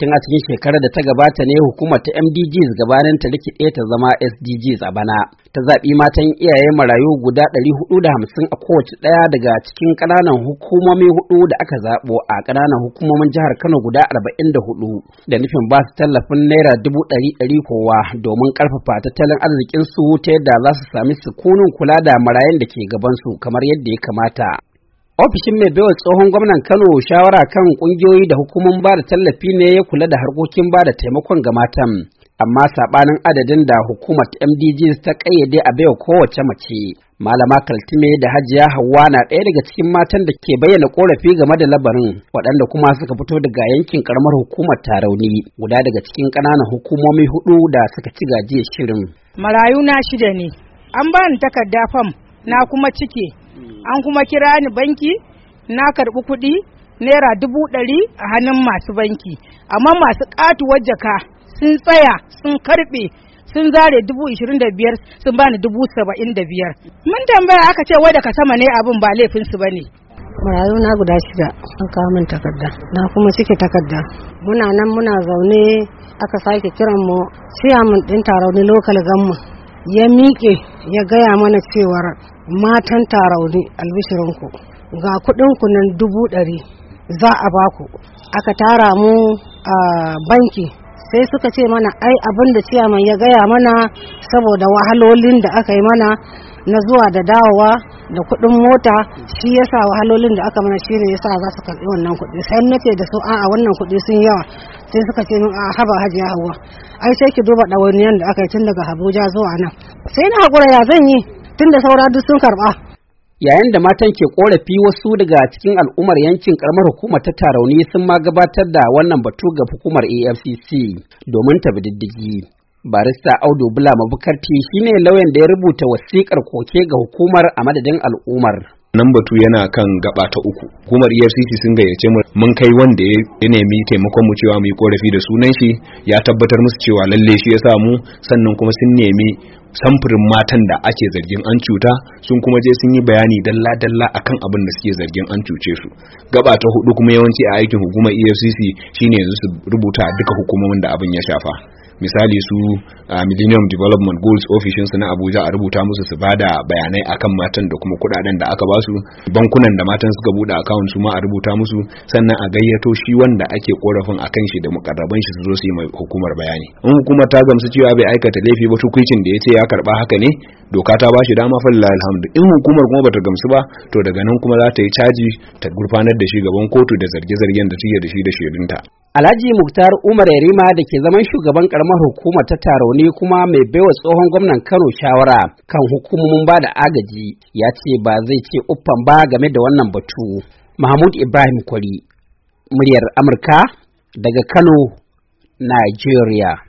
tun a cikin shekarar da ta gabata ne hukumar ta mdgs gabanin ta rikide ta zama sdgs a bana ta zaɓi matan iyaye marayu guda 450 a kowace ɗaya daga cikin ƙananan hukumomi hudu da aka zaɓo a ƙananan hukumomin jihar kano guda 44 da nufin ba su tallafin naira dubu ɗari kowa domin ƙarfafa tattalin arzikin su ta yadda za su sami sukunin kula da marayun da ke gabansu kamar yadda ya kamata Ofishin mai baiwa tsohon gwamnan Kano shawara kan kungiyoyi da hukumomin ba da tallafi ne ya kula da harkokin ba da taimakon ga matan, amma sabanin adadin da hukumar MDGs ta kayyade a baiwa kowace mace. Malama Kaltime da Hajiya Hauwa na ɗaya daga cikin matan da ke bayyana korafi game da labarin waɗanda kuma suka fito daga yankin karamar hukumar Tarauni guda daga cikin ƙananan hukumomi hudu da suka ci gajiyar shirin. Marayu na shida ne, an bani takarda fam na kuma cike an kuma kira ni banki na karɓi kuɗi naira dubu ɗari a hannun masu banki amma masu ƙatuwar jaka sun tsaya sun karɓe sun zare dubu ishirin da biyar sun bani dubu saba'in da biyar mun tambaya aka ce wai daga sama ne abin ba laifinsu ba ne marayu na guda shida an kawo min takarda na kuma cike takarda muna nan muna zaune aka sake kiran mu siya mun din taron lokal ganmu ya miƙe ya gaya mana cewar matan tarauni albishirinku ga kuɗinku nan dubu ɗari za a baku aka tara mu a banki sai suka ce mana ai abin da ciyaman ya gaya mana saboda wahalolin da aka yi mana na zuwa da dawowa da kuɗin mota shi ya sa wahalolin da aka mana shine sa za su karɓi wannan kuɗi sai nake da su a'a wannan kuɗi sun yawa sai suka ce min a haba hajiya hawa ai sai ki duba ɗawainiyan da aka yi tun daga Habuja zuwa nan sai na haƙura ya zan yi tunda saura duk sun karba yayin da matan ke korafi wasu daga cikin al'ummar yankin karamar hukumar ta tarauni sun ma gabatar da wannan batu ga hukumar afcc domin ta diddigi barista audu bula mabukarti shine lauyan da ya rubuta wasiƙar koke ga hukumar a madadin al'ummar namba batu yana kan gaba ta uku hukumar efcc sun gayyace mu mun kai wanda ya nemi taimakon mu cewa mu yi korafi da sunan shi ya tabbatar musu cewa lalle shi ya mu sannan kuma sun nemi samfurin matan da ake zargin an cuta sun kuma je sun yi bayani dalla dalla akan abin da suke zargin an cuce su gaba ta hudu kuma yawanci a aikin hukumar efcc shine yanzu su rubuta duka hukumomin da abin ya shafa misali su millennium development goals su na abuja a rubuta musu su bada bayanai akan matan da kuma kudaden da aka basu bankunan da matan suka bude account su ma a rubuta musu sannan a gayyato shi wanda ake korafin akan shi da mukarraban shi su zo su yi hukumar bayani in hukumar ta gamsu cewa bai aikata laifi ba tukwicin da ya ce ya karba haka ne doka ta bashi dama fallah alhamdu in hukumar kuma bata gamsu ba to daga nan kuma za ta yi caji ta gurfanar da shi gaban kotu da zarge-zargen da take da shi da shirinta Alhaji Muktar Umar Yarima da ke zaman shugaban karamar hukumar ta Taroni kuma mai baiwa tsohon gwamnan Kano shawara kan hukumomin ba da agaji ya ce ba zai ce uffan ba game da wannan batu. Mahmud Ibrahim Kwari, muryar Amurka daga Kano, Nigeria.